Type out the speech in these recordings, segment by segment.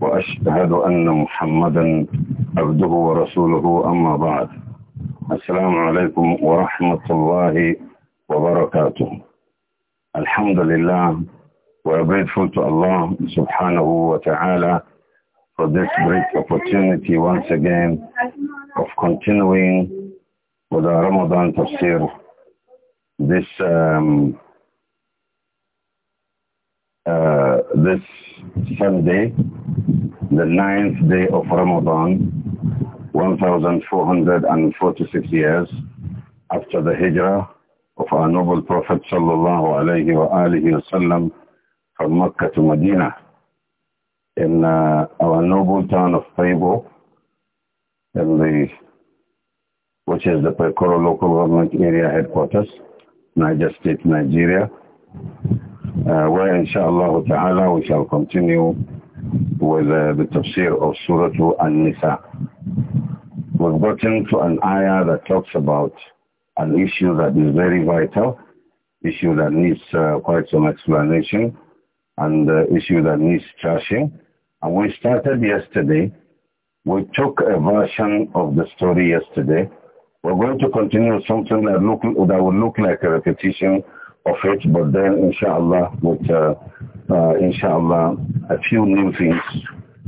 وأشهد أن محمدا عبده ورسوله أما بعد السلام عليكم ورحمة الله وبركاته الحمد لله وبيتفل to الله سبحانه وتعالى for this great opportunity once again of continuing with our Ramadan tafsir this um, uh, this Sunday, the ninth day of Ramadan, 1446 years after the hijrah of our noble Prophet sallallahu alayhi wa alihi wasallam from Mecca to Medina in uh, our noble town of Paibo in the which is the Pekoro local government area headquarters, Niger State, Nigeria uh, where inshallah ta'ala we shall continue with uh, the tafsir of Surah An-Nisa. We've gotten to an ayah that talks about an issue that is very vital, issue that needs uh, quite some explanation, and uh, issue that needs trashing. And we started yesterday. We took a version of the story yesterday. We're going to continue something that, look, that will look like a repetition of it, but then inshallah with uh, uh, inshallah a few new things,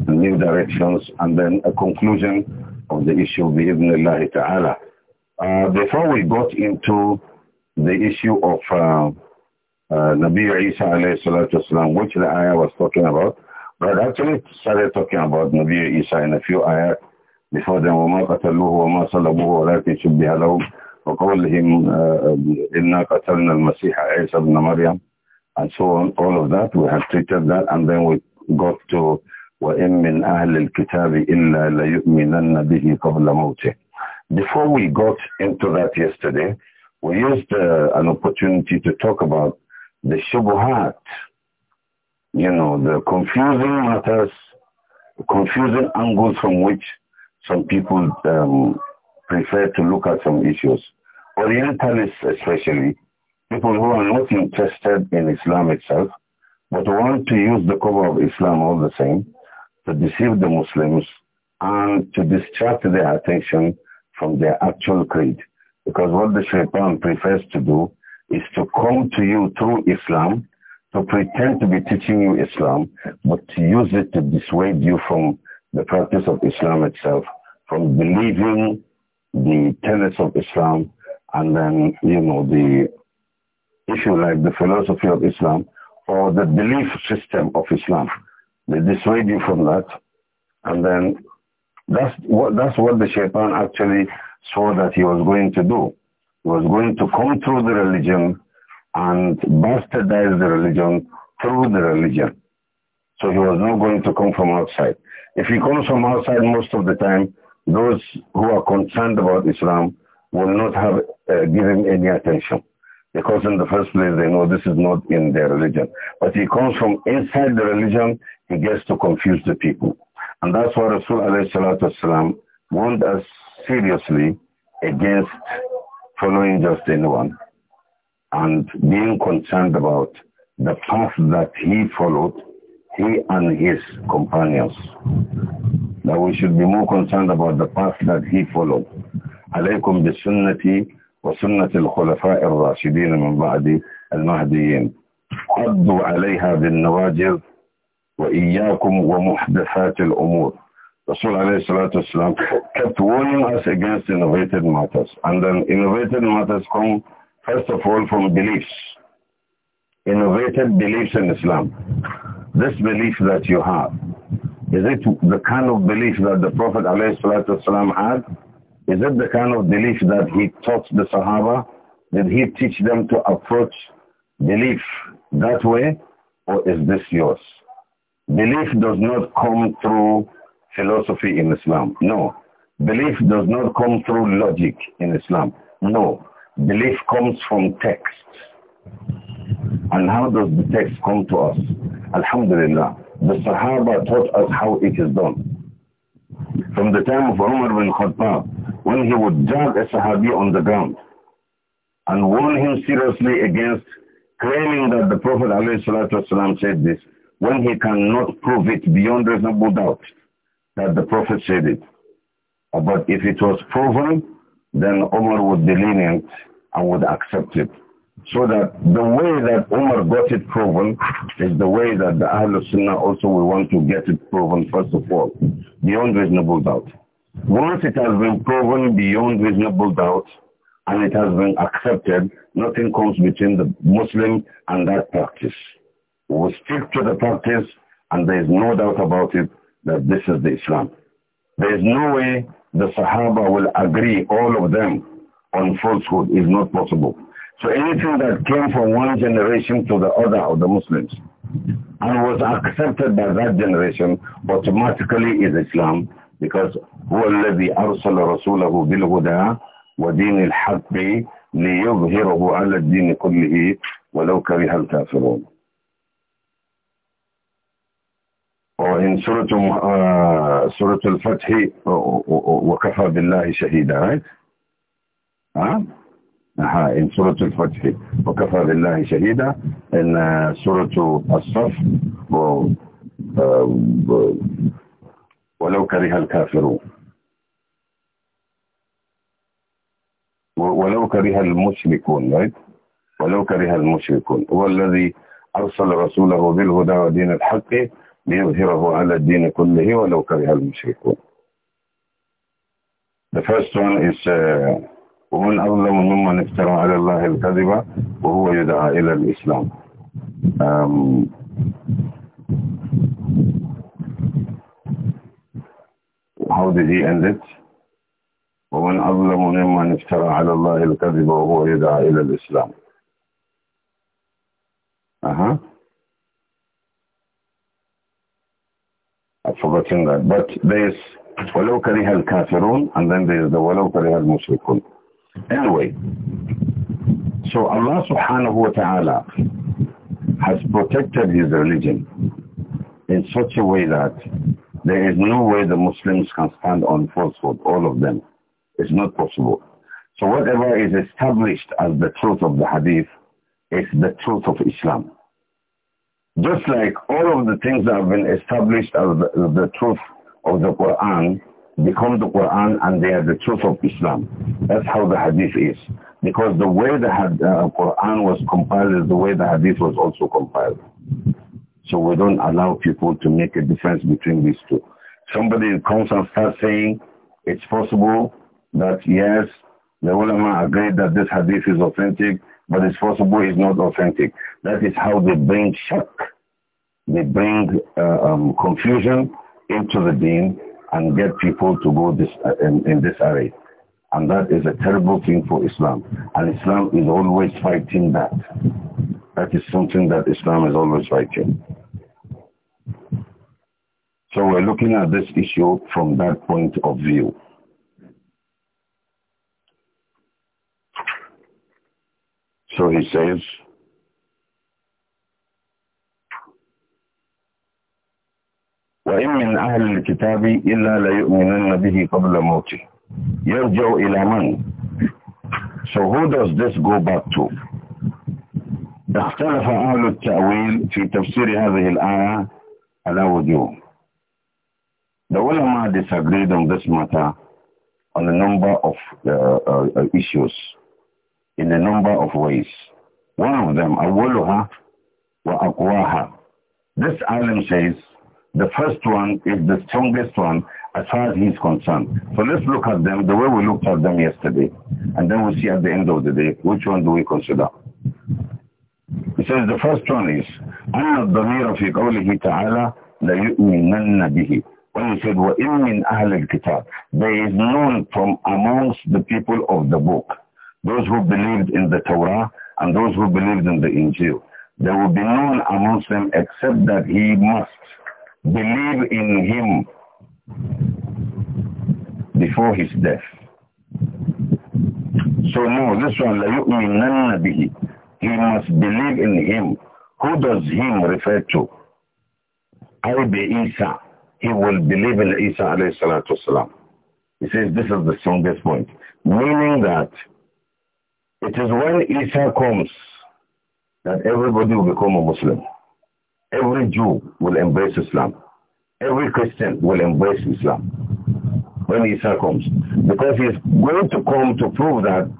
new directions, and then a conclusion of the issue bi'ibnillahi ta'ala. Uh, before we got into the issue of uh, uh Nabi Isa alayhi salatu wasalam, which the ayah was talking about, but actually started talking about Nabi Isa in a few ayahs before then, وَمَا قَتَلُوهُ وَمَا صَلَبُوهُ وَلَكِنْ شُبِّهَ لَهُمْ وقولهم uh, um, إنا قتلنا المسيح عيسى ابن مريم and so on, all of that, we have treated that and then we got to وَإِن مِّنْ أَهْلِ الْكِتَابِ إِلَّا لَيُؤْمِنَنَّ بِهِ قَبْلَ مَوْتِهِ Before we got into that yesterday, we used uh, an opportunity to talk about the shubuhat, you know, the confusing matters, confusing angles from which some people um, prefer to look at some issues. Orientalists especially, people who are not interested in Islam itself, but want to use the cover of Islam all the same to deceive the Muslims and to distract their attention from their actual creed. Because what the shaitan prefers to do is to come to you through Islam, to pretend to be teaching you Islam, but to use it to dissuade you from the practice of Islam itself, from believing the tenets of Islam and then, you know, the issue like the philosophy of Islam or the belief system of Islam. They dissuade you from that. And then that's what, that's what the shaitan actually saw that he was going to do. He was going to come through the religion and bastardize the religion through the religion. So he was not going to come from outside. If he comes from outside most of the time, those who are concerned about Islam will not have uh, given any attention. Because in the first place, they know this is not in their religion. But he comes from inside the religion, he gets to confuse the people. And that's why Rasul warned us seriously against following just anyone and being concerned about the path that he followed, he and his companions. That we should be more concerned about the path that he followed عليكم بالسنة وسنة الخلفاء الراشدين من بعد المهديين عضوا عليها بالنواجذ وإياكم ومحدثات الأمور رسول عليه الصلاة والسلام kept warning us against innovated matters. And then innovated matters come, first of all, from beliefs. Innovated beliefs in Islam. This belief that you have, is it the kind of belief that the Prophet عليه الصلاة والسلام had? Is it the kind of belief that he taught the Sahaba? Did he teach them to approach belief that way? Or is this yours? Belief does not come through philosophy in Islam. No. Belief does not come through logic in Islam. No. Belief comes from text. And how does the text come to us? Alhamdulillah. The Sahaba taught us how it is done from the time of Umar bin Khattab when he would drag a Sahabi on the ground and warn him seriously against claiming that the Prophet ﷺ said this when he cannot prove it beyond reasonable doubt that the Prophet said it. But if it was proven, then Umar would be lenient and would accept it. So that the way that Umar got it proven is the way that the Ahlul Sunnah also will want to get it proven first of all, beyond reasonable doubt. Once it has been proven beyond reasonable doubt and it has been accepted, nothing comes between the Muslim and that practice. We stick to the practice and there is no doubt about it that this is the Islam. There is no way the Sahaba will agree, all of them, on falsehood. is not possible. So anything that came from one generation to the other of the Muslims and was accepted by that generation automatically is Islam because هو الذي أرسل رسوله بالهدى ودين الحق ليظهره على الدين كله ولو كره الكافرون وإن سورة آه سورة الفتح وكفى بالله شهيدا right? ها؟ huh? إن سورة الفتح وكفى بالله شهيدا إن سورة الصف آه، ولو كره الكافرون ولو كره المشركون ولو كره المشركون هو الذي أرسل رسوله بالهدى ودين الحق ليظهره على الدين كله ولو كره المشركون The first one is uh, ومن أظلم ممن افترى على الله الكذبة وهو يدعى إلى الإسلام how did he end it? ومن أظلم ممن افترى على الله الكذبة وهو يدعى إلى الإسلام uh -huh. I've forgotten that but there is ولو كره الكافرون and then there is the ولو كره المشركون Anyway, so Allah subhanahu wa ta'ala has protected his religion in such a way that there is no way the Muslims can stand on falsehood, all of them. It's not possible. So whatever is established as the truth of the hadith is the truth of Islam. Just like all of the things that have been established as the, the truth of the Quran become the Quran and they are the truth of Islam. That's how the hadith is. Because the way the had, uh, Quran was compiled is the way the hadith was also compiled. So we don't allow people to make a difference between these two. Somebody comes and starts saying it's possible that yes, the ulama agreed that this hadith is authentic, but it's possible it's not authentic. That is how they bring shock. They bring uh, um, confusion into the deen and get people to go this, uh, in, in this array. And that is a terrible thing for Islam. And Islam is always fighting that. That is something that Islam is always fighting. So we're looking at this issue from that point of view. So he says, وإن من أهل الكتاب إلا ليؤمنن به قبل موته يرجع إلى من So who does this go back to? اختلف أهل التأويل في تفسير هذه الآية على وجوه The ulama disagreed on this matter on a number of uh, uh, issues in a number of ways. One of them, أولها وأقواها. This alim says the first one is the strongest one as far as he's concerned. So let's look at them the way we looked at them yesterday. And then we'll see at the end of the day which one do we consider. He says the first one is أن الضمير في قوله تعالى ليؤمنن به when he said وَإِن مِّنْ al الْكِتَابِ there is none from amongst the people of the book those who believed in the Torah and those who believed in the Injil there will be none amongst them except that he must believe in him before his death. So no, this one, لَيُؤْمِنَنَّ بِهِ He must believe in him. Who does him refer to? Aybi Isa. He will believe in Isa alayhi salatu wasalam. He says this is the strongest point. Meaning that it is when Isa comes that everybody will become a Muslim. Every Jew will embrace Islam. Every Christian will embrace Islam when Isa comes. Because he is going to come to prove that,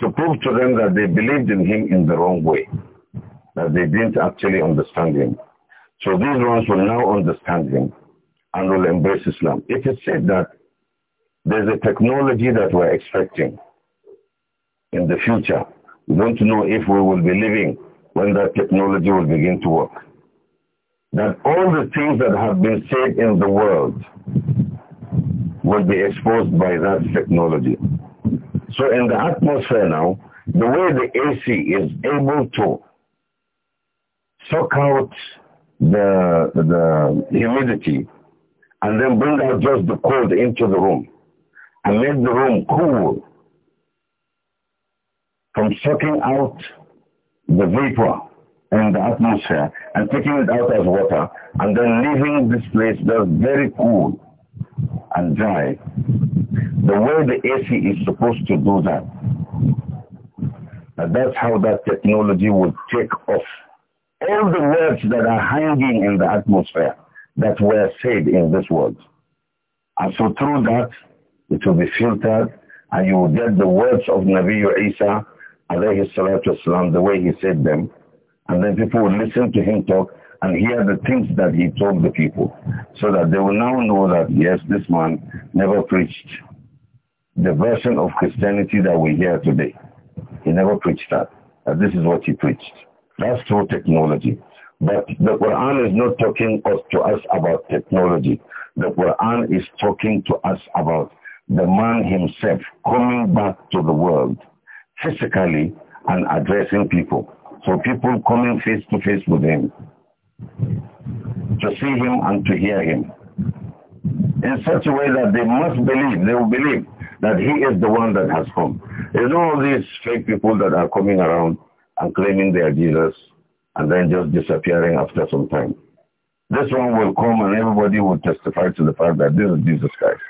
to prove to them that they believed in him in the wrong way. That they didn't actually understand him. So these ones will now understand him and will embrace Islam. It is said that there's a technology that we're expecting in the future. We don't know if we will be living when that technology will begin to work that all the things that have been said in the world will be exposed by that technology. So in the atmosphere now, the way the AC is able to suck out the, the humidity and then bring out just the cold into the room and make the room cool from sucking out the vapor in the atmosphere and taking it out as water and then leaving this place that's very cool and dry. The way the AC is supposed to do that. And that's how that technology would take off. All the words that are hanging in the atmosphere that were said in this world. And so through that, it will be filtered and you will get the words of Nabi Isa alayhi salatu wasalam, the way he said them, and then people would listen to him talk and hear the things that he told the people so that they will now know that, yes, this man never preached the version of Christianity that we hear today. He never preached that. that this is what he preached. That's through technology. But the Quran is not talking to us about technology. The Quran is talking to us about the man himself coming back to the world physically and addressing people. So people coming face to face with him, to see him and to hear him, in such a way that they must believe, they will believe that he is the one that has come. There's all these fake people that are coming around and claiming they are Jesus and then just disappearing after some time. This one will come and everybody will testify to the fact that this is Jesus Christ.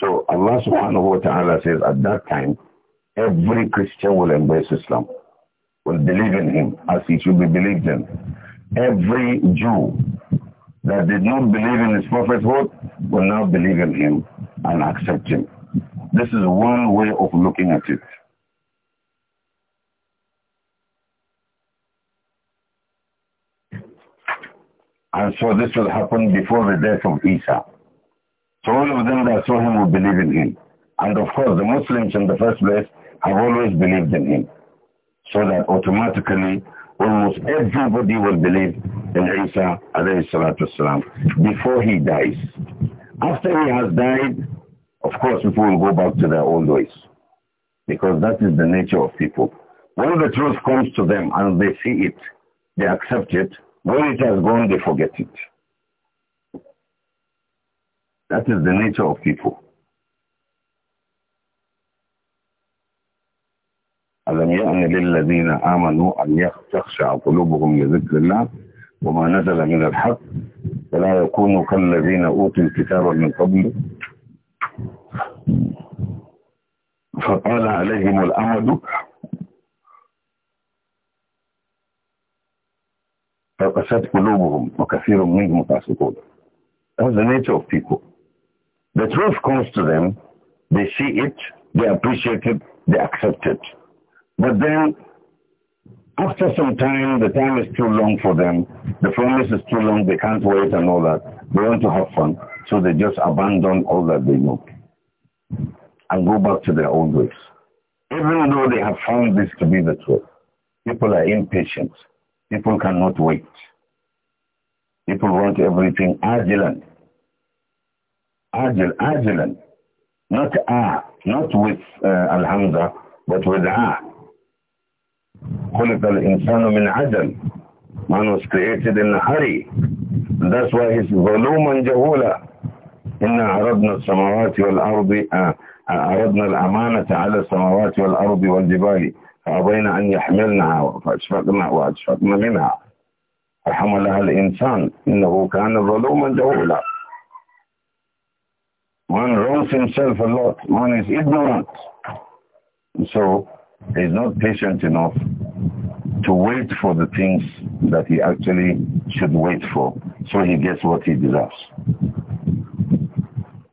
So Allah subhanahu wa ta'ala says at that time, every Christian will embrace Islam will believe in him as he should be believed in. Every Jew that did not believe in his prophethood will now believe in him and accept him. This is one way of looking at it. And so this will happen before the death of Isa. So all of them that saw him will believe in him. And of course, the Muslims in the first place have always believed in him so that automatically almost everybody will believe in Isa alayhi salatu wasalam before he dies. After he has died, of course people will go back to their old ways because that is the nature of people. When the truth comes to them and they see it, they accept it. When it has gone, they forget it. That is the nature of people. ألم يأن للذين آمنوا أن تخشع قلوبهم لذكر الله وما نزل من الحق ولا يكونوا كالذين أوتوا الكتاب من قبل فقال عليهم الأمد فقست قلوبهم وكثير منهم فاسقون That's the nature of people. The truth comes to them, they see it, they appreciate it, they accept it. But then, after some time, the time is too long for them. The promise is too long. They can't wait and all that. They want to have fun. So they just abandon all that they know and go back to their old ways. Even though they have found this to be the truth, people are impatient. People cannot wait. People want everything agilent. Agil, agilent. Not ah, not with uh, Alhamza, but with ah. خلق الإنسان من عجل Man was created in a hurry. That's why he's ظلوما جهولا إنا عرضنا السماوات والأرض آه، عرضنا الأمانة على السماوات والأرض والجبال فأبين أن يحملنها فأشفقنا وأشفقنا منها فحملها الإنسان إنه كان ظلوما جهولا Man wrongs himself a lot. Man is ignorant. So is not patient enough to wait for the things that he actually should wait for so he gets what he deserves.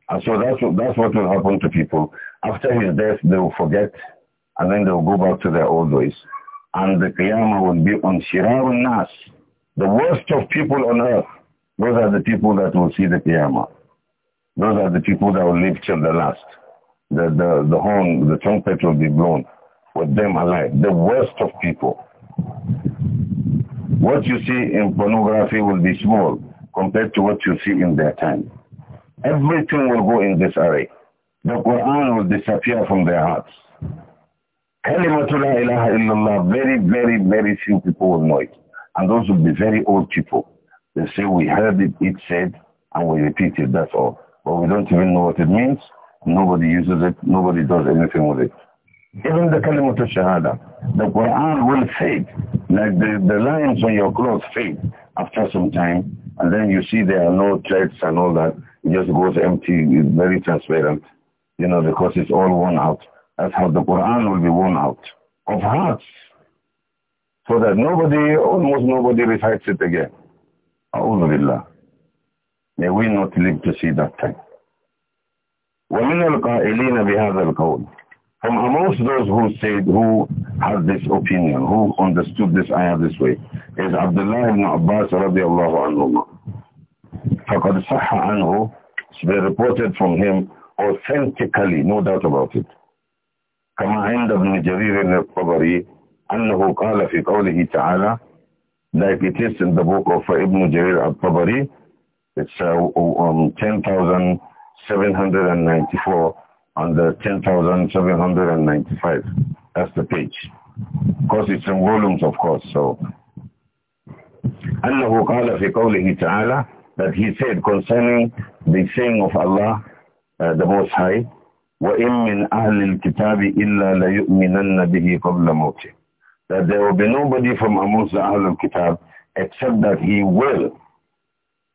And so that's what, that's what will happen to people. After his death, they will forget and then they will go back to their old ways. And the Qiyamah will be on Shirarun Nas. The worst of people on earth, those are the people that will see the Qiyamah. Those are the people that will live till the last. The, the, the horn, the trumpet will be blown with them alive, the worst of people. What you see in pornography will be small compared to what you see in their time. Everything will go in this array. The Quran will disappear from their hearts. Kalimatul ilaha illallah, very, very, very few people will know it. And those will be very old people. They say, we heard it, it said, and we repeat it, that's all. But we don't even know what it means. Nobody uses it. Nobody does anything with it. Even the kalimut shahada, the Quran will fade, like the, the lines on your clothes fade after some time, and then you see there are no threads and all that. It just goes empty, it's very transparent, you know, because it's all worn out. That's how the Quran will be worn out of hearts, so that nobody, almost nobody recites it again. A'udhu May we not live to see that time. ومن القائلين بهذا القول from amongst those who said, who had this opinion, who understood this ayah this way, is Abdullah ibn Abbas radiallahu anhu. فَقَدْ صَحَّ عَنْهُ been reported from him authentically, no doubt about it. كما عند ابن جرير الطبري أنه قال في قوله تعالى like it is in the book of Ibn Jarir al-Tabari it's uh, um, 10,794 on the 10,795. That's the page. Because it's in volumes, of course, so. أنه قال في قوله تعالى that he said concerning the saying of Allah, uh, the Most High, وَإِن مِّنْ أَهْلِ الْكِتَابِ إِلَّا لَيُؤْمِنَنَّ بِهِ قَبْلَ مَوْتِهِ That there will be nobody from amongst the Ahl al-Kitab except that he will,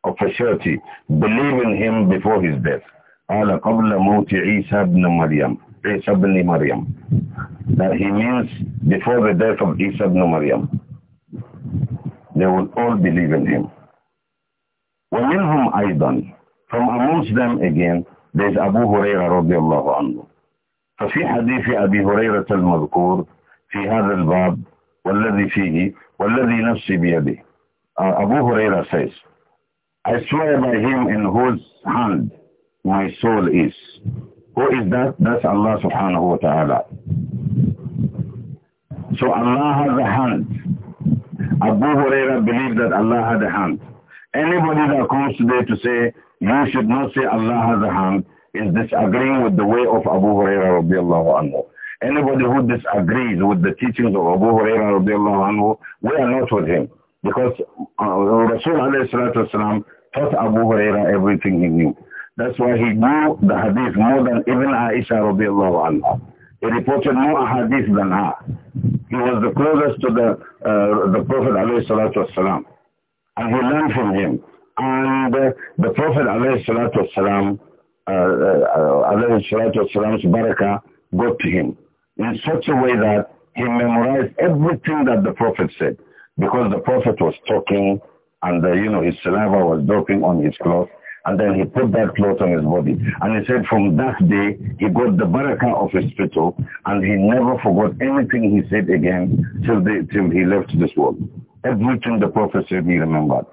of a surety, believe in him before his death. قال قبل موت عيسى ibn Maryam. Isa ibn Maryam. That he means before the death of Isa ibn Maryam. They will all believe in him. ومنهم أيضا from amongst them again there is Abu هريرة رضي الله عنه ففي حديث أبي هريرة المذكور في هذا الباب والذي فيه والذي نفسي بيده uh, Abu Huraira says I swear by him in whose hand my soul is. Who is that? That's Allah subhanahu wa ta'ala. So Allah has a hand. Abu Huraira believed that Allah had a hand. Anybody that comes today to say, you should not say Allah has a hand, is disagreeing with the way of Abu Huraira radiallahu anhu. Anybody who disagrees with the teachings of Abu Huraira radiallahu anhu, we are not with him. Because uh, Rasul alayhi salatu wasalam taught Abu Huraira everything he knew. That's why he knew the hadith more than even Aisha radiallahu anha. He reported more hadith than her. He was the closest to the, uh, the Prophet alayhi salatu wasalam. And he learned from him. And uh, the Prophet alayhi salatu wasalam, uh, uh, alayhi salatu wasalam's barakah got to him in such a way that he memorized everything that the Prophet said. Because the Prophet was talking and, uh, you know, his saliva was dropping on his cloth and then he put that cloth on his body. And he said from that day, he got the barakah of his spittle and he never forgot anything he said again till, the, till he left this world. Everything the Prophet said, he remembered.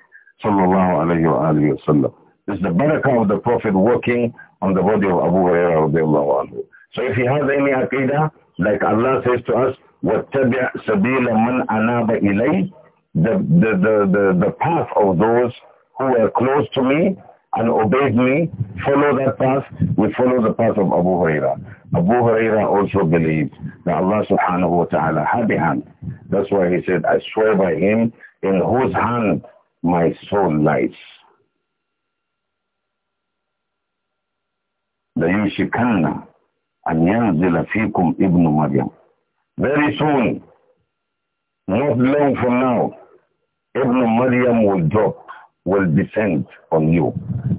Sallallahu alayhi wa alayhi wa sallam. It's the barakah of the Prophet working on the body of Abu Hurairah So if he has any aqidah, like Allah says to us, وَاتَّبِعْ سَبِيلَ مَنْ أَنَابَ إِلَيْهِ the, the, the, the, the path of those who were close to me and obeys me, follow that path, we follow the path of Abu Huraira. Abu Huraira also believed that Allah subhanahu wa ta'ala had a hand. That's why he said, I swear by him in whose hand my soul lies. أن ينزل ابن مريم. Very soon, not long from now, Ibn Maryam will drop will descend on you.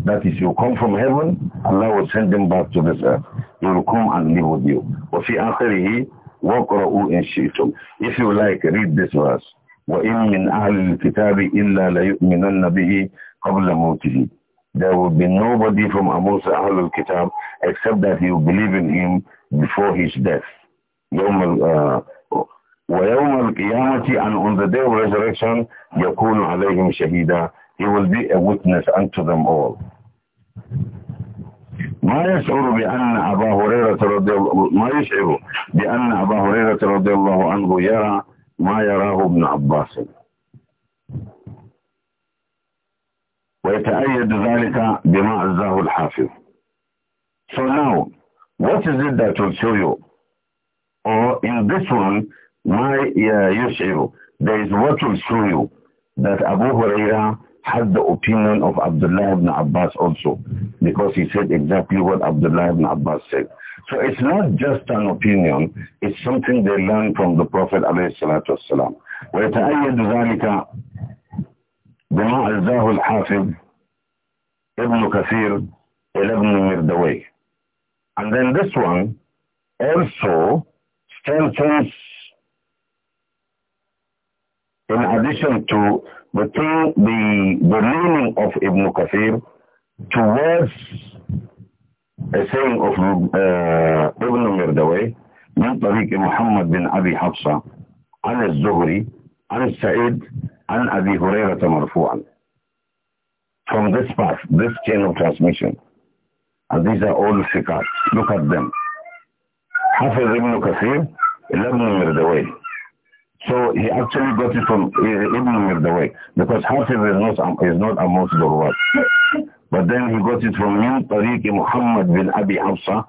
That is, you come from heaven, Allah will send them back to this earth. He will come and live with you. وفي آخره وقرأوا إن شئتم. If you like, read this verse. وإن من أهل الكتاب إلا ليؤمنن به قبل موته. There will be nobody from amongst Ahlul Kitab except that you believe in him before his death. يوم ويوم القيامة and on the day of resurrection يكون عليهم شهيدا he will be a witness unto them all. ما يشعر بأن أبا هريرة رضي الله ما يشعر بأن أبا هريرة رضي الله عنه يرى ما يراه ابن عباس ويتأيد ذلك بما عزاه الحافظ So now, what is it that will show you? Or in this one, ما يشعر There is what will show you that Abu Hurairah had the opinion of Abdullah ibn Abbas also, because he said exactly what Abdullah ibn Abbas said. So it's not just an opinion, it's something they learned from the Prophet alayhi salatu wasalam. ويتأيد ذلك بما أجزاه الحافظ ابن كثير إلى ابن مردوي. And then this one also strengthens in addition to the thing, the, the meaning of Ibn Kathir towards a saying of uh, Ibn Mirdaway من طريق محمد بن أبي حفصة عن الزهري عن السعيد عن أبي هريرة مرفوعا from this path, this chain of transmission. And these are all fiqat. Look at them. حفظ ابن كثير إلى ابن مردويه So he actually got it from eh, eh, anywhere the way because Hafiz is not, um, is not amongst the world. But then he got it from Min Tariq Muhammad bin Abi Hafsa,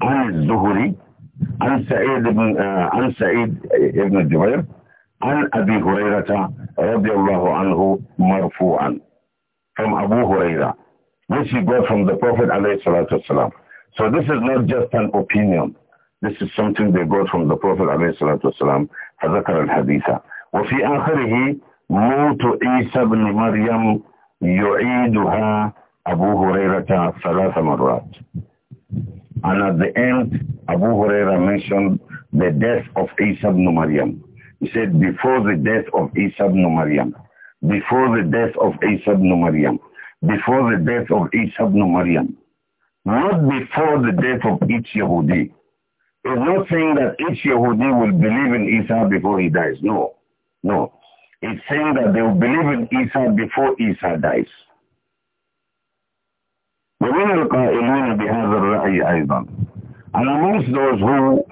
An Zuhri, An Sa'id ibn, uh, An Sa'id eh, ibn Jubair, An Abi Hurairata radiallahu anhu marfu'an. From Abu Huraira, This he got from the Prophet alayhi salatu wasalam. So this is not just an opinion. This is something they got from the Prophet والسلام, al haditha. وفي آخره موت عيسى بن مريم يعيدها أبو هريرة ثلاث مرات. And at the end, Abu Huraira mentioned the death of Isa ibn Maryam. He said, before the death of Isa ibn Maryam, before the death of Isa ibn Maryam, before the death of Isa ibn Maryam, not before the death of each Yahudi, it's not saying that each Yahudi will believe in Isa before he dies. No, no. It's saying that they will believe in Isa before Isa dies. ومن القائلين بهذا الرأي أيضا and amongst those who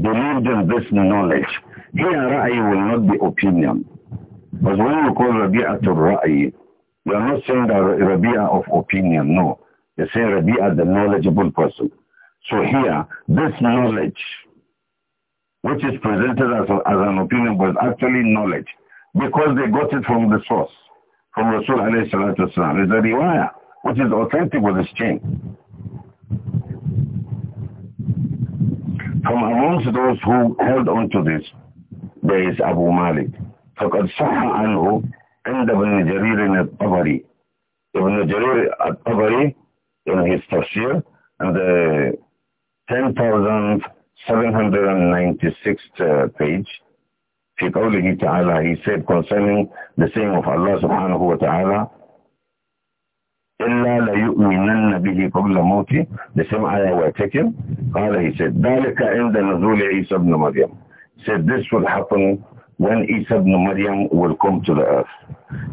believed in this knowledge here رأي will not be opinion but when you call ربيعة الرأي you are not saying that ربيعة of opinion no you say ربيعة the knowledgeable person so here, this knowledge, which is presented as, a, as an opinion, was actually knowledge because they got it from the source, from Rasul alayhi salatu wasalam. It's a riwayah, which is authentic with its chain. From amongst those who held on to this, there is Abu Malik. فقد صح عنه عند ابن جرير الطبري ابن جرير Tabari in his tafsir and the 10,796 uh, page, في قوله he said concerning the saying of Allah subhanahu wa ta'ala, إلا ليؤمنن به قبل موتي the same ayah we're قال he said ذلك عند نزول عيسى of مريم said this will happen when Isa ibn will come to the earth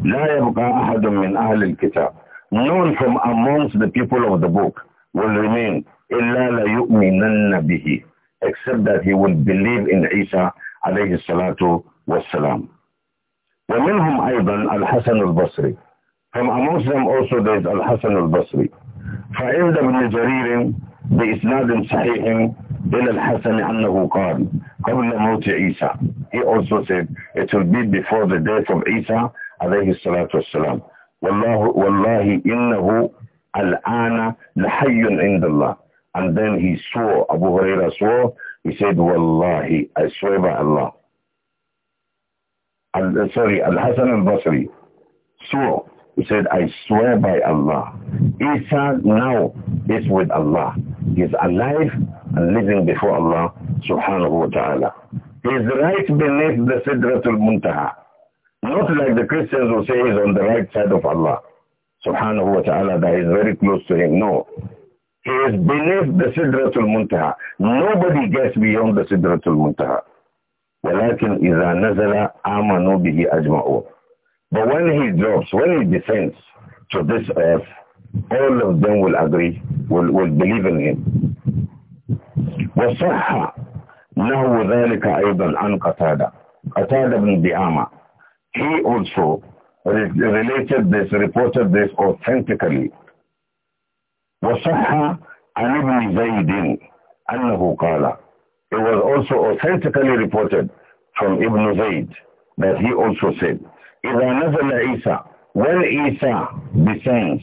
لا يبقى أحد من أهل الكتاب none from amongst the people of the book will remain إِلَّا لَيُؤْمِنَنَّ بِهِ Except that he would believe in Isa alayhi salatu wasalam. ومنهم أيضا الحسن البصري. From amongst them also there is الحسن البصري. فعند ابن جرير بإسناد صحيح إلى الحسن أنه قال قبل موت عيسى. He also said it will be before the death of Isa عليه الصلاة والسلام. والله والله إنه الآن لحي عند الله and then he swore, Abu Huraira swore, he said, Wallahi, I swear by Allah. Al, uh, sorry, Al-Hasan al-Basri swore. He said, I swear by Allah. Isa now is with Allah. He is alive and living before Allah subhanahu wa ta'ala. He is right beneath the Sidratul Muntaha. Not like the Christians who say he's on the right side of Allah subhanahu wa ta'ala, that he's very close to him. No, is beneath the Sidratul Muntaha. Nobody gets beyond the Sidratul Muntaha. ولكن إذا نزل آمنوا به أجمعون. But when he drops, when he descends to this earth, all of them will agree, will, will believe in him. وصح نَهُ ذلك أيضا عن قتادة. قتادة بن دعامة. He also related this, reported this authentically وصح عن ابن زيد أنه قال It was also authentically reported from Ibn Zayd that he also said, إذا نزل Isa, when Isa descends,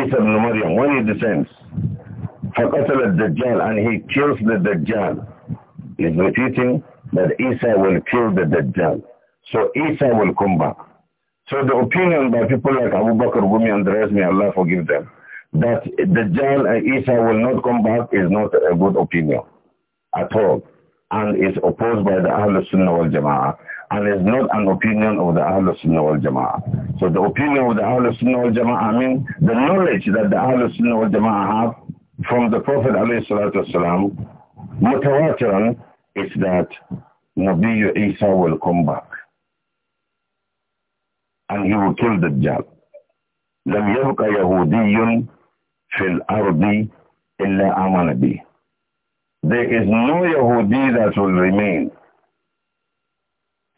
Isa ibn Maryam, when he descends, فقتل الدجال and he kills the Dajjal. He's repeating that Isa will kill the Dajjal. So Isa will come back. So the opinion by people like Abu Bakr Gumi and the rest, may Allah forgive them, that Dajjal and uh, Isa will not come back is not a good opinion at all and is opposed by the Ahlul Sunnah wal Jama'ah and is not an opinion of the Ahlul Sunnah wal Jama'ah. So the opinion of the Ahlul Sunnah wal Jama'ah, I mean the knowledge that the Ahlul Sunnah wal Jama'ah have from the Prophet alayhi salatu wasalam, mutawatiran is that Nabi Isa will come back and he will kill Dajjal. لم يبق يهودي في الأرض إلا آمن به. There is no Yahudi that will remain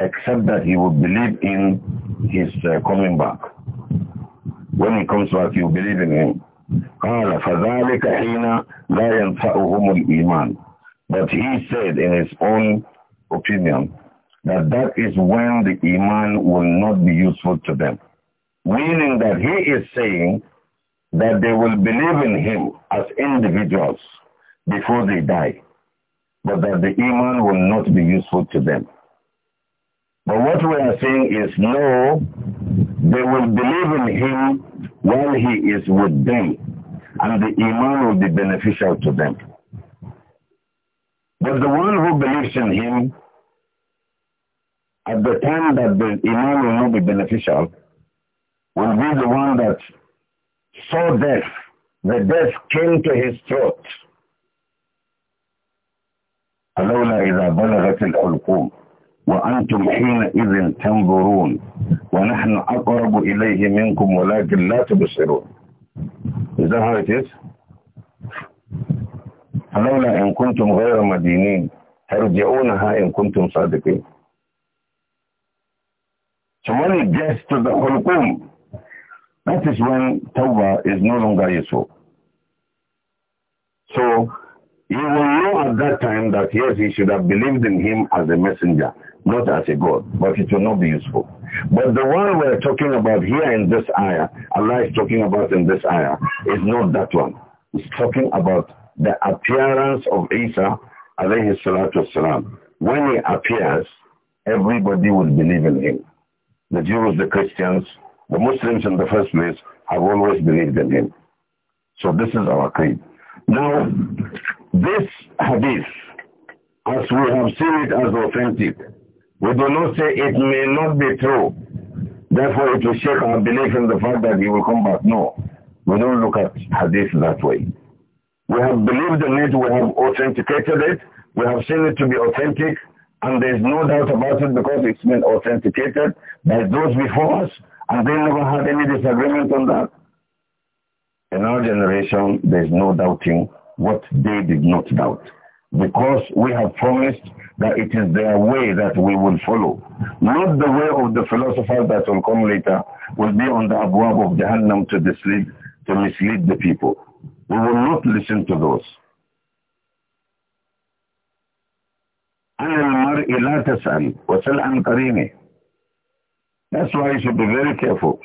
except that he will believe in his uh, coming back. When he comes back, you believe in him. قال فذلك حين لا الإيمان. But he said in his own opinion that that is when the iman will not be useful to them. Meaning that he is saying that they will believe in him as individuals before they die, but that the iman will not be useful to them. But what we are saying is no, they will believe in him while he is with them, and the iman will be beneficial to them. But the one who believes in him at the time that the Imam will not be beneficial will be the one that saw death. The death came to his throat. فلولا إذا بلغت الحلقوم وأنتم حينئذ تنظرون ونحن أقرب إليه منكم ولكن لا تبصرون Is that how it is? فلولا إن كنتم غير مدينين ترجعونها إن كنتم صادقين So when it gets to the hulqum, that is when tawbah is no longer useful. So you will know at that time that yes, he should have believed in him as a messenger, not as a God, but it will not be useful. But the one we're talking about here in this ayah, Allah is talking about in this ayah, is not that one. He's talking about the appearance of Isa, alayhi salatu wasalam. When he appears, everybody will believe in him the Jews, the Christians, the Muslims in the first place have always believed in him. So this is our creed. Now, this hadith, as we have seen it as authentic, we do not say it may not be true. Therefore, it will shake our belief in the fact that he will come back. No, we don't look at hadith that way. We have believed in it, we have authenticated it, we have seen it to be authentic, and there is no doubt about it because it's been authenticated by those before us and they never had any disagreement on that. In our generation, there is no doubting what they did not doubt because we have promised that it is their way that we will follow. Not the way of the philosophers that will come later will be on the abwab of Jahannam to mislead, to mislead the people. We will not listen to those. عن المرء لا تسأل وسل عن قرينه That's why you should be very careful.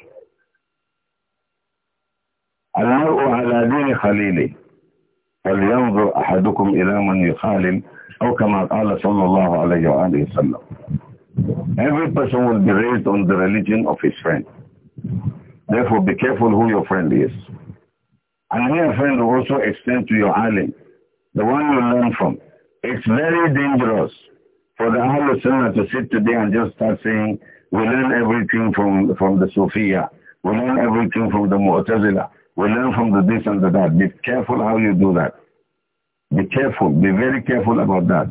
المرء على دين خليله فلينظر أحدكم إلى من يخالل أو كما قال صلى الله عليه وآله وسلم Every person will be raised on the religion of his friend. Therefore, be careful who your friend is. And here, friend will also extend to your alim, the one you learn from. It's very dangerous for the Ahlul Sunnah to sit today and just start saying, we learn everything from, from the Sufiya. We learn everything from the Mu'tazila. We learn from the this and the that. Be careful how you do that. Be careful. Be very careful about that.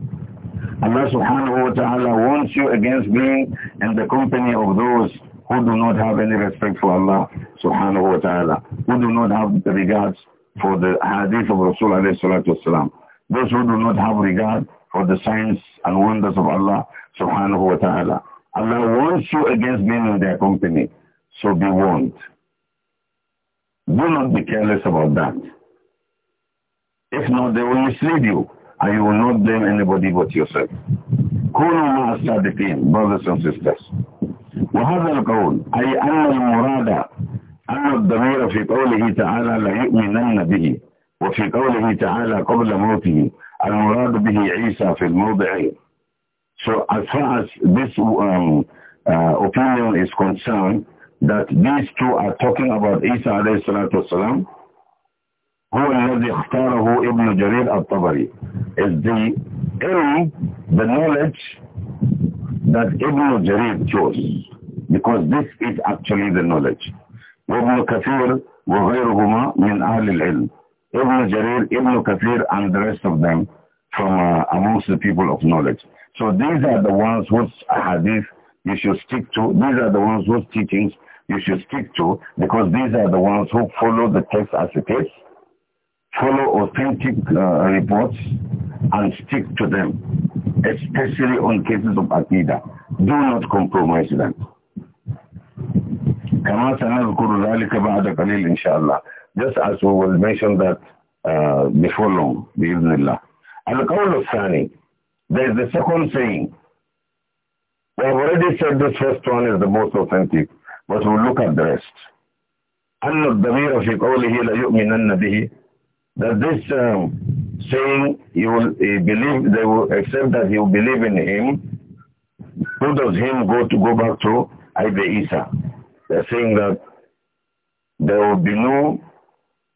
Allah subhanahu wa ta'ala warns you against being in the company of those who do not have any respect for Allah subhanahu wa ta'ala, who do not have regards for the hadith of Rasul alayhi salatu wasalam. Those who do not have regard for the signs and wonders of Allah subhanahu wa ta'ala. Allah warns you against being in their company. So be warned. Do not be careless about that. If not, they will mislead you and you will not blame anybody but yourself. كونوا مع الصادقين brothers and sisters. وهذا القول أي أن المراد أن الضمير في قوله تعالى ليؤمنن به وفي قوله تعالى قبل موته المراد به عيسى في الموضعين. So as far as this um, uh, opinion is concerned, that these two are talking about Isa alayhi salatu wasalam, هو الذي اختاره ابن جرير الطبري is the علم, the knowledge that Ibn Jarir chose because this is actually the knowledge. وابن كثير وغيرهما من أهل العلم Ibn Jarir, Ibn Kathir, and the rest of them from uh, amongst the people of knowledge. So these are the ones whose hadith you should stick to. These are the ones whose teachings you should stick to because these are the ones who follow the text as it is, follow authentic uh, reports, and stick to them, especially on cases of Aqidah. Do not compromise them. كما سنذكر ذلك بعد قليل إن شاء الله just as we will mention that uh, before long, Bismillah. And the Qur'an of Sani, there is the second saying. We have already said this first one is the most authentic, but we'll look at the rest. أن the في قوله ليؤمنن به that this um, saying you will believe they will accept that you believe in him who does him go to go back to Ibn Isa they're saying that there will be no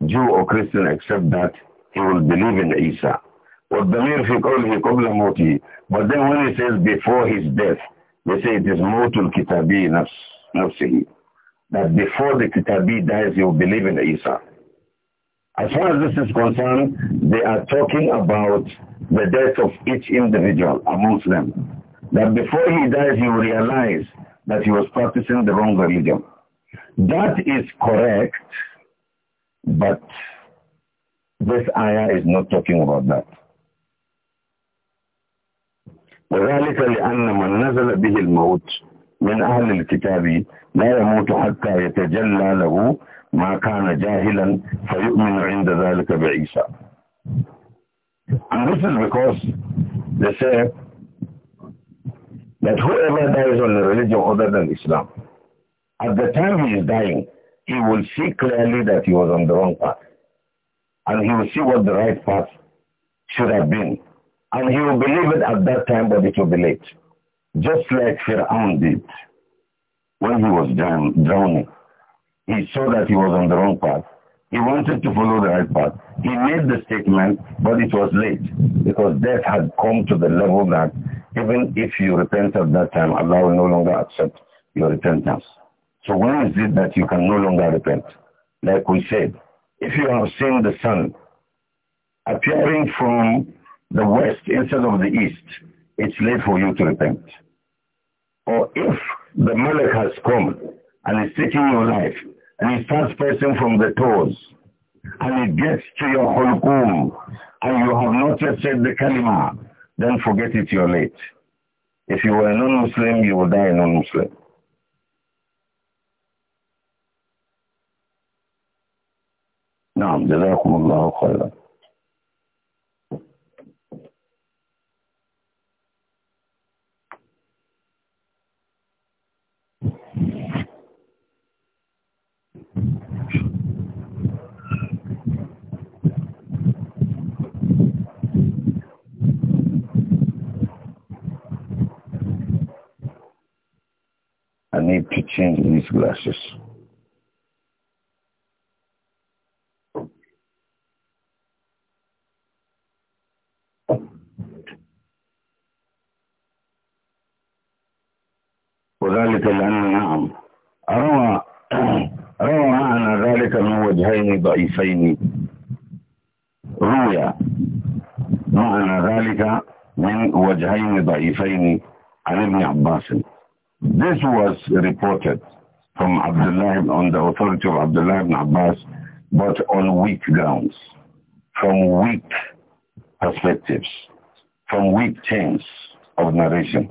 Jew or Christian except that he will believe in Isa. What والضمير في he called موته but then when he says before his death they say it is motul kitabi نفس نفسه that before the Kitabi dies he will believe in Isa as far as this is concerned they are talking about the death of each individual amongst them that before he dies he will realize that he was practicing the wrong religion that is correct but this ayah is not talking about that. وذلك لأن من نزل به الموت من أهل الكتاب لا يموت حتى يتجلى له ما كان جاهلا فيؤمن عند ذلك بعيسى. And this is because they say that whoever dies on a religion other than Islam, at the time he is dying, he will see clearly that he was on the wrong path. And he will see what the right path should have been. And he will believe it at that time, but it will be late. Just like Fir'aun did when he was drowning. He saw that he was on the wrong path. He wanted to follow the right path. He made the statement, but it was late because death had come to the level that even if you repent at that time, Allah will no longer accept your repentance. So when is it that you can no longer repent? Like we said, if you have seen the sun appearing from the west instead of the east, it's late for you to repent. Or if the malek has come and is taking your life and he starts pressing from the toes and it gets to your holkum and you have not yet said the kalima, then forget it, you're late. If you were a non-Muslim, you will die a non-Muslim. نعم جزاكم الله خيرا I need to change these glasses. ذلك لأن روى روى عن ذلك من وجهين ضعيفين روي معنى ذلك من وجهين ضعيفين عن ابن عباس This was reported from Abdullah on the authority of Abdullah ibn Abbas but on weak grounds from weak perspectives from weak chains of narration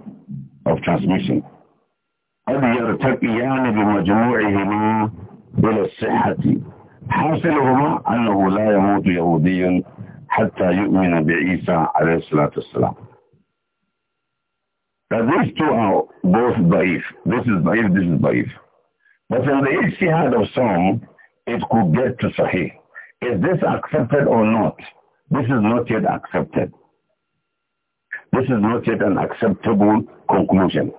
of transmission قد يرتقيان بمجموعهما إلى الصحة حاصلهما أنه لا يموت يهودي حتى يؤمن بعيسى عليه الصلاة والسلام. Now these two are both ضعيف This is ضعيف, this is ضعيف But in the ijtihad of some, it could get to sahih. Is this accepted or not? This is not yet accepted. This is not yet an acceptable conclusion.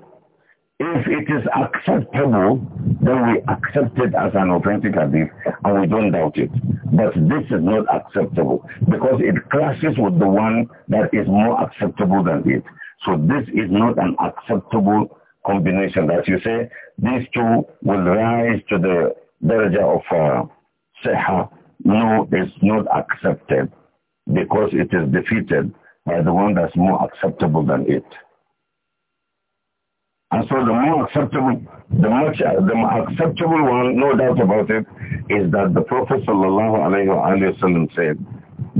If it is acceptable, then we accept it as an authentic hadith and we don't doubt it. But this is not acceptable because it clashes with the one that is more acceptable than it. So this is not an acceptable combination that you say these two will rise to the daraja of uh, No, it's not accepted because it is defeated by the one that's more acceptable than it. And so the more acceptable, the much, the acceptable one, no doubt about it, is that the Prophet sallallahu said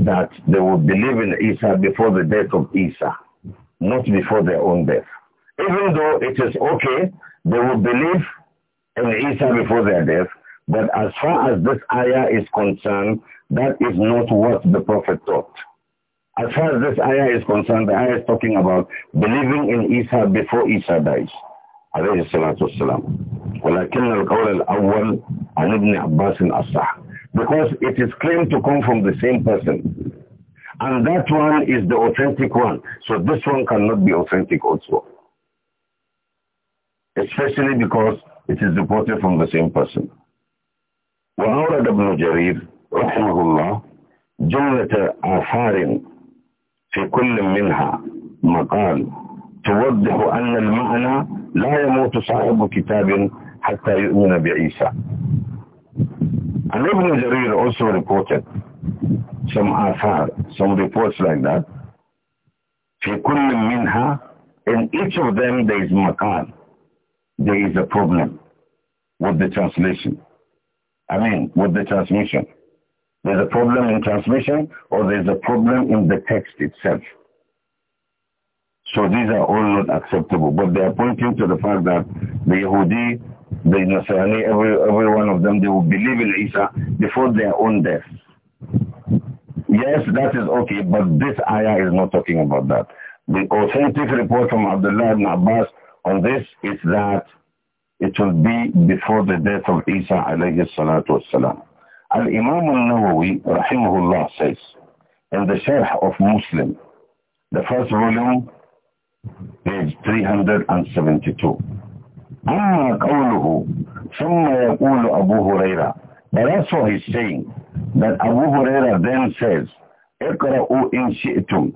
that they would believe in Isa before the death of Isa, not before their own death. Even though it is okay, they would believe in Isa before their death, but as far as this ayah is concerned, that is not what the Prophet taught. As far as this ayah is concerned, the ayah is talking about believing in Isa before Isa dies. عليه الصلاة والسلام ولكن القول الأول عن ابن عباس الصح because it is claimed to come from the same person and that one is the authentic one so this one cannot be authentic also especially because it is reported from the same person وأورد ابن جرير رحمه الله جملة آثار في كل منها مقال توضح أن المعنى لا يموت صاحب كتاب حتى يؤمن بعيسى And Ibn Jarir also reported some athar, some reports like that. في كل منها, in each of them there is مقال. There is a problem with the translation. I mean, with the transmission. There's a problem in transmission or there's a problem in the text itself. So these are all not acceptable. But they are pointing to the fact that the Yahudi, the Nasrani, every, every one of them, they will believe in Isa before their own death. Yes, that is okay, but this ayah is not talking about that. The authentic report from Abdullah ibn Abbas on this is that it will be before the death of Isa alayhi salatu wasalam. Al-Imam al-Nawawi, rahimahullah, says, in the Sharh of Muslim, the first volume, page 372. أما قوله ثم يقول أبو But that's what he's saying, that Abu Huraira then says, اقرأوا إن شئتم.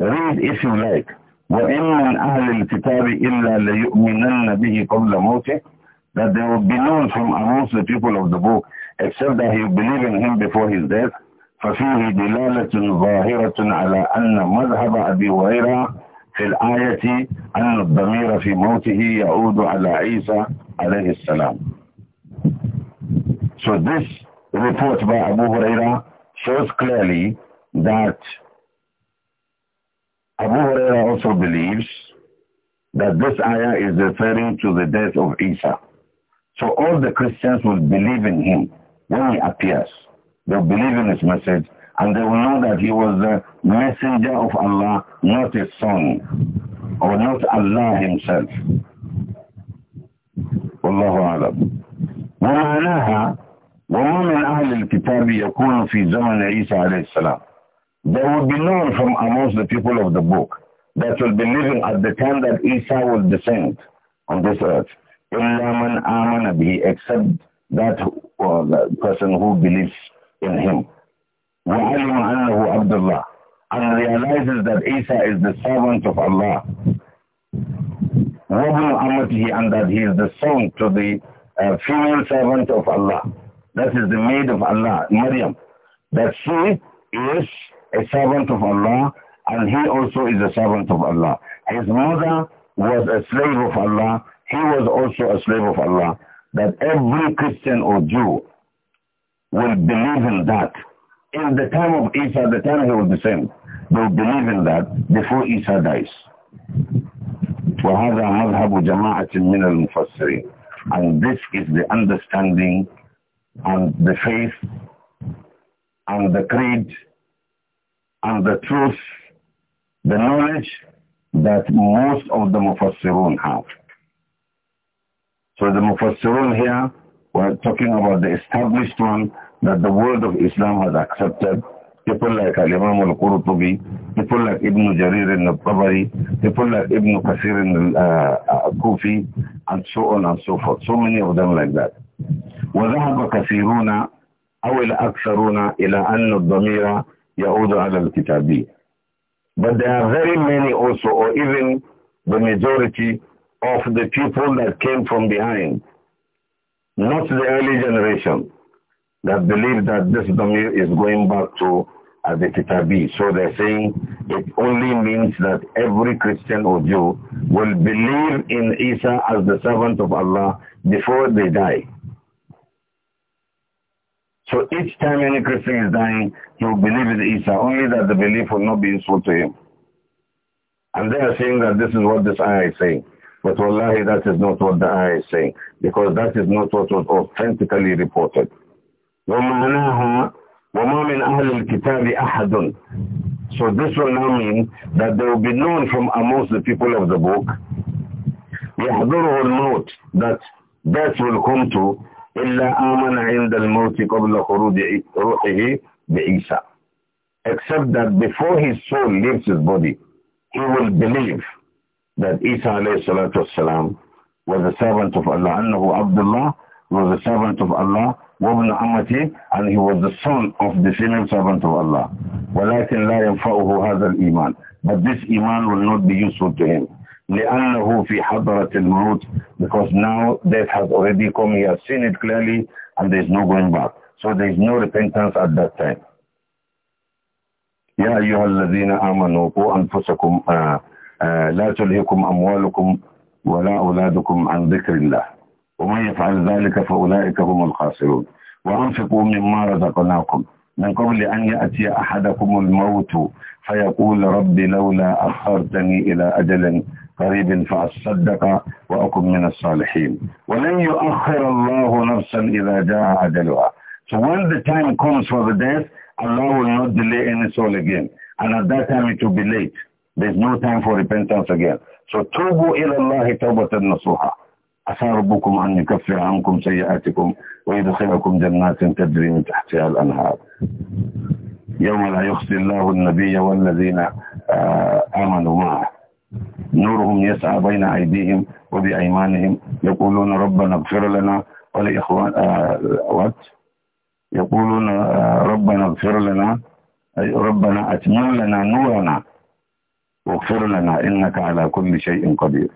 Read if you like. وإن من أهل الكتاب إلا ليؤمنن به قبل موته. That there will be known from amongst the people of the book except that he believed in him before his death, ففيه دلالة ظاهرة على أن مذهب أبي هريرة في الآية أن الضمير في موته يعود على عيسى عليه السلام. So this report by Abu Huraira shows clearly that Abu Huraira also believes that this ayah is referring to the death of Isa. So all the Christians will believe in him when he appears. They'll believe in his message and they will know that he was the messenger of Allah, not his son, or not Allah himself. والله أعلم ومعناها وما من الكتاب يكون في زمن عيسى عليه السلام There will be known from amongst the people of the book that will be living at the time that Isa will descend on this earth. إلا من آمن به except that uh, person who believes in him. And realizes that Isa is the servant of Allah. And that he is the son to the uh, female servant of Allah. That is the maid of Allah, Maryam. That she is a servant of Allah and he also is a servant of Allah. His mother was a slave of Allah. He was also a slave of Allah that every Christian or Jew will believe in that. In the time of Isa, the time he was the same. They'll believe in that before Isa dies. وهذا مذهب جماعة من المفسرين and this is the understanding and the faith and the creed and the truth, the knowledge that most of the Mufassirun have. So the Mufassirun here were talking about the established one that the world of Islam has accepted. People like Al-Imam al-Qurtubi, people like Ibn Jarir al-Tabari, people like Ibn Qasir al-Kufi, uh, uh, and so on and so forth. So many of them like that. وذهب كثيرون أو الأكثرون إلى أن الضمير يعود على الكتابية. But there are very many also, or even the majority of the people that came from behind, not the early generation that believe that this Damir is going back to as a Kitabi. So they're saying it only means that every Christian or Jew will believe in Isa as the servant of Allah before they die. So each time any Christian is dying, he will believe in Isa, only that the belief will not be useful to him. And they are saying that this is what this ayah is saying. But wallahi, that is not what the ayah is saying, because that is not what was authentically reported. So this will now mean that there will be known from amongst the people of the book, يَحْضُرُهُ الْمَوْتِ That death will come to إِلَّا آمَنَ عِنْدَ الْمَوْتِ قَبْلَ رُوحِهِ بِعِيسَى Except that before his soul leaves his body, he will believe that Isa alayhi was a servant of Allah. Annahu Abdullah was a servant of Allah. وابن أمتي and he was the son of the female servant of Allah. ولكن لا ينفعه هذا الإيمان. But this iman will not be useful to him. لأنه في حضرة الموت because now death has already come. He has seen it clearly and there is no going back. So there is no repentance at that time. يا أيها الذين آمنوا قوا أنفسكم uh, آه، لا تلهكم أموالكم ولا أولادكم عن ذكر الله ومن يفعل ذلك فأولئك هم الخاسرون وأنفقوا مما رزقناكم من قبل أن يأتي أحدكم الموت فيقول رب لولا أخرتني إلى أجل قريب فأصدق وأكن من الصالحين ولن يؤخر الله نفسا إذا جاء أجلها So when the time comes for the death, Allah will not delay any soul again. And at that time it will be late. There's no time for repentance again. So توبوا إلى الله توبة نصوحة عسى ربكم أن يكفر عنكم سيئاتكم ويدخلكم جنات تجري من تحتها الأنهار يوم لا يخزي الله النبي والذين آه، آمنوا معه نورهم يسعى بين أيديهم وبأيمانهم يقولون ربنا اغفر لنا ولإخوان وات آه، يقولون آه، ربنا اغفر لنا أي ربنا أتمم لنا نورنا واغفر لنا إنك على كل شيء قدير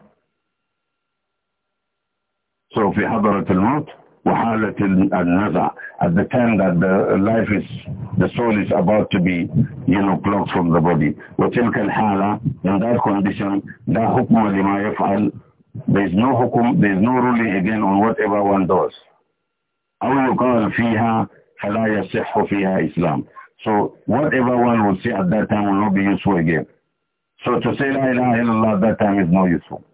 So في حضرة الموت وحالة النزع at the time that the life is the soul is about to be you know plucked from the body وتلك الحالة in that condition لا حكم لما يفعل there is no حكم there is no ruling again on whatever one does أو يقال فيها فلا يصح فيها إسلام so whatever one will say at that time will not be useful again So to say La ilaha illallah that time is no useful.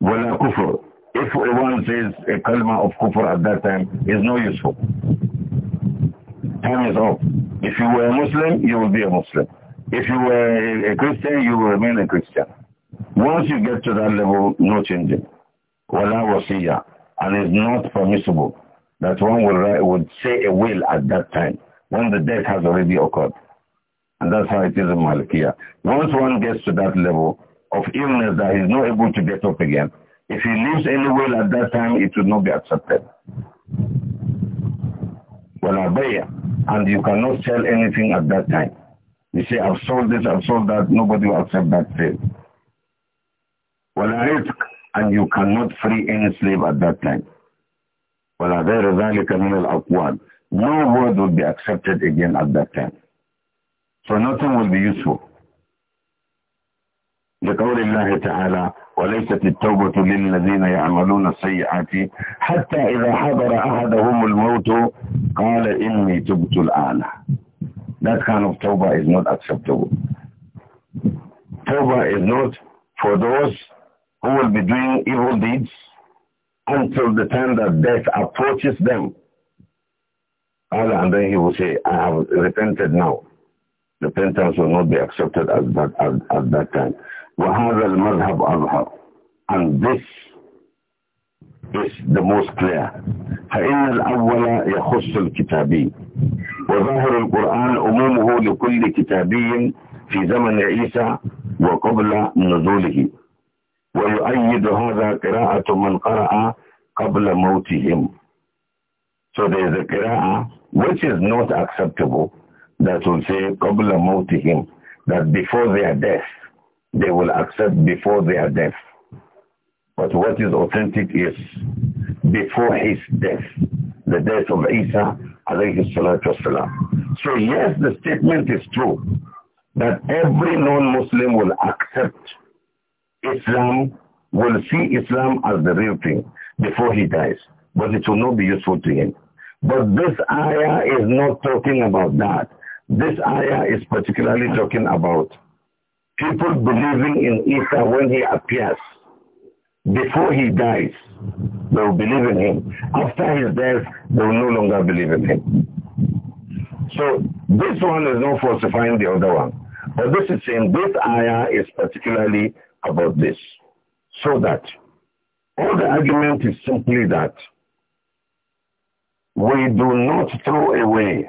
Wala kufr. If one says a kalma of kufr at that time is no useful. Time is up. If you were a Muslim, you will be a Muslim. If you were a Christian, you will remain a Christian. Once you get to that level, no changing. Wala wasiya. And it's not permissible that one would, would say a will at that time when the death has already occurred. And that's how it is in Malikiya. Once one gets to that level of illness that he's not able to get up again, if he lives anywhere at that time, it will not be accepted. Well, and you cannot sell anything at that time. You say, I've sold this, I've sold that, nobody will accept that sale. Well, and you cannot free any slave at that time. Well, no word will be accepted again at that time. So nothing will be useful. بقول الله تعالى وليست التوبة للذين يعملون السيئات حتى إذا حضر أحدهم الموت قال إني تبت الآن That kind of tawbah is not acceptable. Tawbah is not for those who will be doing evil deeds until the time that death approaches them. Allah and then he will say, I have repented now. the Pentecost will not be accepted at that, at, at that time. وَهَذَا And this is the most clear. فَإِنَّ الْأَوَّلَ يَخُصُّ الْكِتَابِينَ وَظَهُرُ الْقُرْآنِ أُمُومُهُ لِكُلِّ كِتَابِيٍ فِي زَمَنِ عِيسَى وَقَبْلَ نُزُولِهِ وَيُؤَيِّدُ هَذَا قِرَاءَةُ مَنْ قَرَأَ قَبْلَ مَوْتِهِمْ So there is a qira'ah which is not acceptable that will say qabla him that before their death, they will accept before their death. But what is authentic is before his death, the death of Isa alayhi salatu wasalam. So yes, the statement is true that every non-Muslim will accept Islam, will see Islam as the real thing before he dies, but it will not be useful to him. But this ayah is not talking about that. This ayah is particularly talking about people believing in Isa when he appears. Before he dies, they will believe in him. After his death, they will no longer believe in him. So this one is not falsifying the other one. But this is saying this ayah is particularly about this. So that all the argument is simply that we do not throw away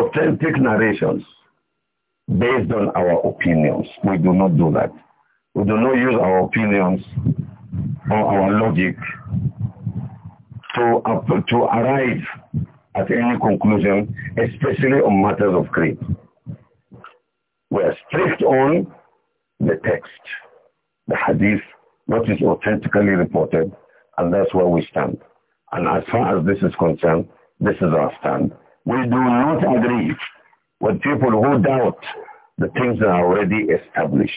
authentic narrations based on our opinions. We do not do that. We do not use our opinions or our logic to, uh, to arrive at any conclusion, especially on matters of creed. We are strict on the text, the hadith, what is authentically reported, and that's where we stand. And as far as this is concerned, this is our stand. We do not agree with people who doubt the things that are already established.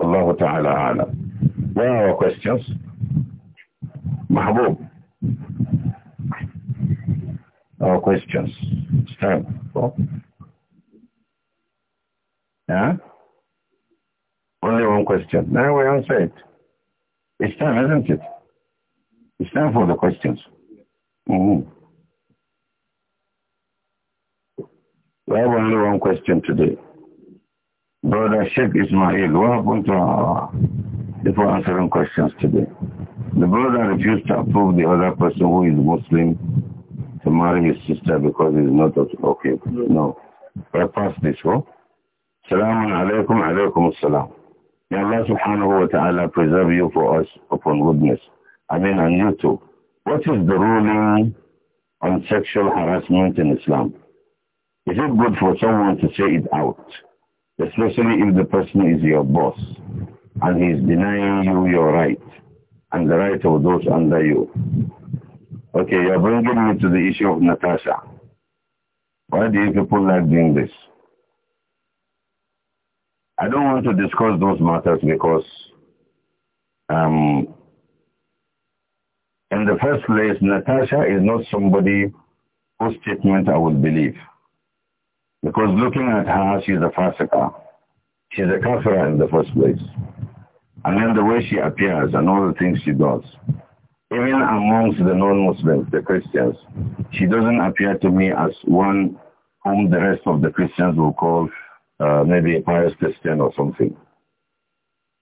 Allah Ta'ala Alam. there are our questions? Mahbub. Our questions. It's time. Oh. Yeah? Only one question. Now we answer it. It's time, isn't it? It's time for the questions. Mm -hmm. We have only one question today. Brother Sheikh Ismail, what happened to our uh, before answering questions today? The brother refused to approve the other person who is Muslim to marry his sister because he's not okay. No. we first, this one. Salaam alaikum alaikum salam. May Allah subhanahu wa ta'ala preserve you for us upon goodness. I mean on you too. What is the ruling on sexual harassment in Islam? Is it good for someone to say it out? Especially if the person is your boss and he is denying you your right and the right of those under you. Okay, you're bringing me to the issue of Natasha. Why do you people like doing this? I don't want to discuss those matters because um, in the first place, Natasha is not somebody whose statement I would believe. Because looking at her, she's a fasika. She's a kafira in the first place. And then the way she appears and all the things she does. Even amongst the non-Muslims, the Christians, she doesn't appear to me as one whom the rest of the Christians will call uh, maybe a pious Christian or something.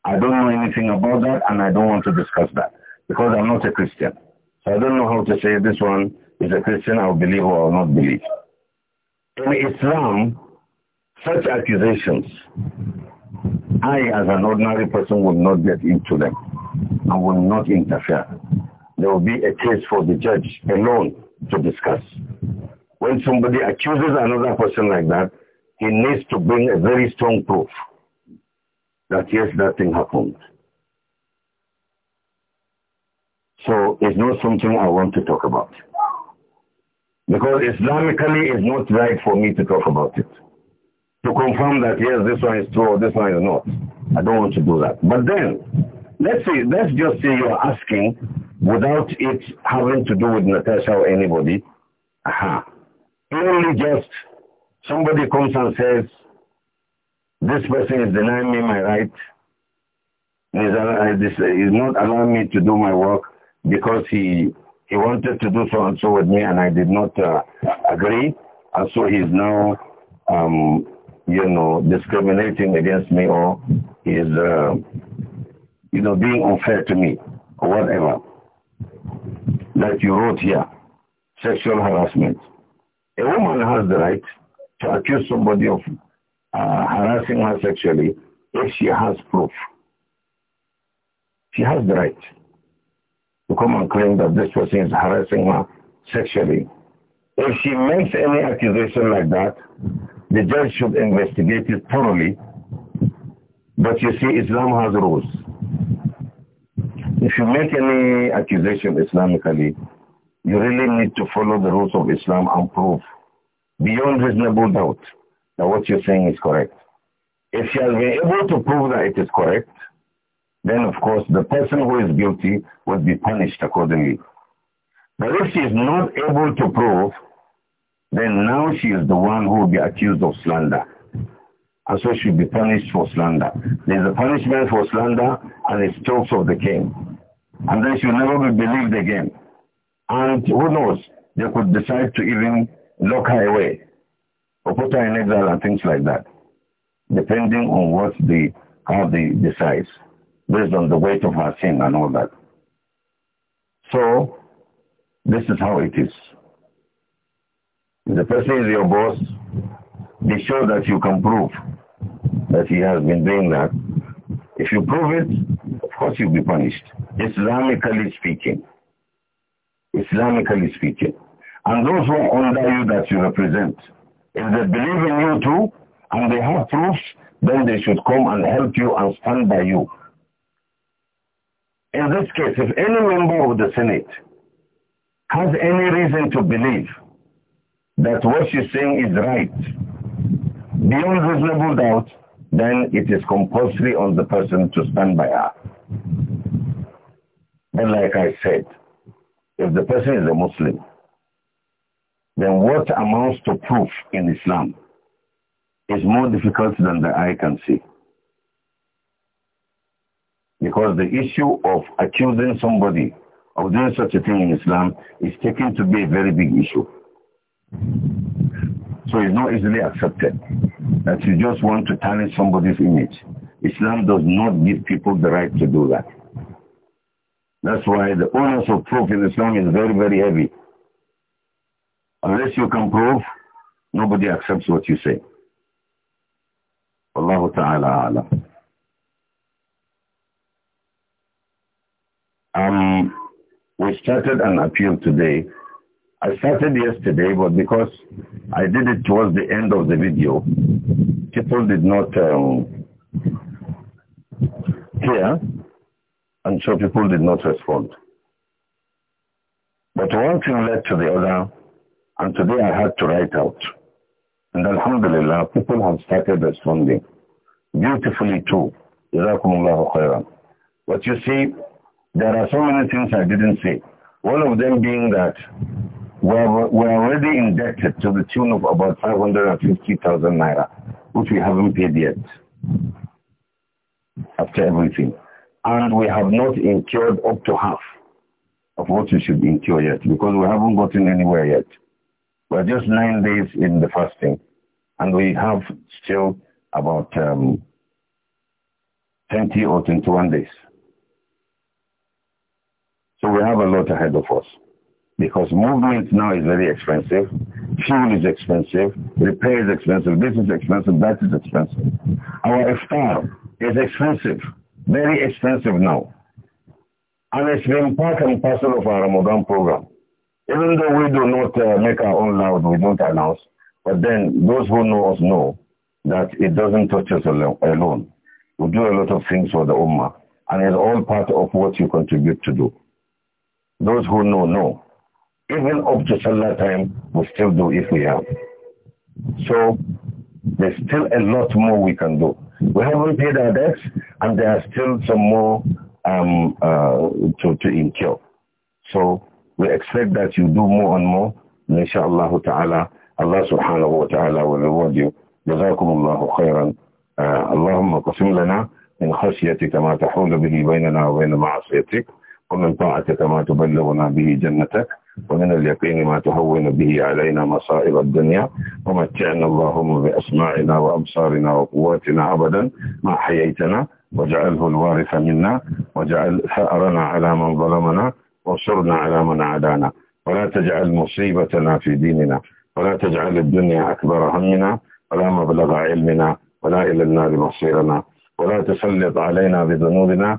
I don't know anything about that and I don't want to discuss that because I'm not a Christian. So I don't know how to say this one is a Christian, I'll believe or I'll not believe. In Islam, such accusations, I as an ordinary person will not get into them I will not interfere. There will be a case for the judge alone to discuss. When somebody accuses another person like that, he needs to bring a very strong proof that yes, that thing happened. So it's not something I want to talk about. Because Islamically, it's not right for me to talk about it. To confirm that, yes, this one is true or this one is not. I don't want to do that. But then, let's say, let's just say you're asking without it having to do with Natasha or anybody. Aha. Only just somebody comes and says, this person is denying me my right. he's uh, not allowing me to do my work because he he wanted to do so and so with me and I did not uh, agree. And so he's now, um, you know, discriminating against me or he's, uh, you know, being unfair to me or whatever. Like you wrote here, sexual harassment. A woman has the right to accuse somebody of uh, harassing her sexually if she has proof. She has the right to come and claim that this person is harassing her sexually. If she makes any accusation like that, the judge should investigate it thoroughly. But you see, Islam has rules. If you make any accusation Islamically, you really need to follow the rules of Islam and prove beyond reasonable doubt that what you're saying is correct. If she has been able to prove that it is correct, then of course the person who is guilty would be punished accordingly. But if she is not able to prove, then now she is the one who will be accused of slander. And so she will be punished for slander. There is a punishment for slander and it's strokes of the king. And then she will never be believed again. And who knows, they could decide to even lock her away or put her in exile and things like that, depending on what the, how they decide based on the weight of her sin and all that. So, this is how it is. If the person is your boss, be sure that you can prove that he has been doing that. If you prove it, of course you'll be punished. Islamically speaking. Islamically speaking. And those who are under you that you represent, if they believe in you too, and they have proofs, then they should come and help you and stand by you in this case, if any member of the Senate has any reason to believe that what she's saying is right, beyond reasonable doubt, then it is compulsory on the person to stand by her. And like I said, if the person is a Muslim, then what amounts to proof in Islam is more difficult than the eye can see. Because the issue of accusing somebody of doing such a thing in Islam is taken to be a very big issue. So it's not easily accepted that you just want to tarnish somebody's image. Islam does not give people the right to do that. That's why the onus of proof in Islam is very, very heavy. Unless you can prove, nobody accepts what you say. Allahu Ta'ala Alam. Um, we started an appeal today. I started yesterday, but because I did it towards the end of the video, people did not um, hear, and so people did not respond. But one thing led to the other, and today I had to write out. And alhamdulillah, people have started responding. Beautifully too. But you see, there are so many things I didn't say. One of them being that we're, already indebted to the tune of about 550,000 naira, which we haven't paid yet after everything. And we have not incurred up to half of what we should incur yet because we haven't gotten anywhere yet. We're just nine days in the fasting and we have still about um, 20 or 21 days. So we have a lot ahead of us because movement now is very expensive, fuel is expensive, repair is expensive, this is expensive, that is expensive. Our iftar is expensive, very expensive now. And it's been part and parcel of our Ramadan program. Even though we do not uh, make our own loud, we don't announce, but then those who know us know that it doesn't touch us alone. We do a lot of things for the Ummah, and it's all part of what you contribute to do. Those who know, know. Even up to Salah time, we still do if we have. So there's still a lot more we can do. We haven't paid our debts, and there are still some more um, uh, to, to incur. So we expect that you do more and more. And inshallah ta'ala, Allah subhanahu wa ta'ala will reward you. جزاكم الله خيرا اللهم قسم لنا من خشيتك ما تحول به بيننا وبين معصيتك ومن طاعتك ما تبلغنا به جنتك ومن اليقين ما تهون به علينا مصائب الدنيا ومتعنا اللهم بأسماعنا وأبصارنا وقواتنا أبدا ما حييتنا واجعله الوارث منا واجعل ثأرنا على من ظلمنا وانصرنا على من عادانا ولا تجعل مصيبتنا في ديننا ولا تجعل الدنيا أكبر همنا ولا مبلغ علمنا ولا إلى النار مصيرنا ولا تسلط علينا بذنوبنا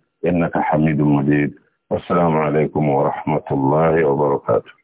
إنك حميد مجيد والسلام عليكم ورحمة الله وبركاته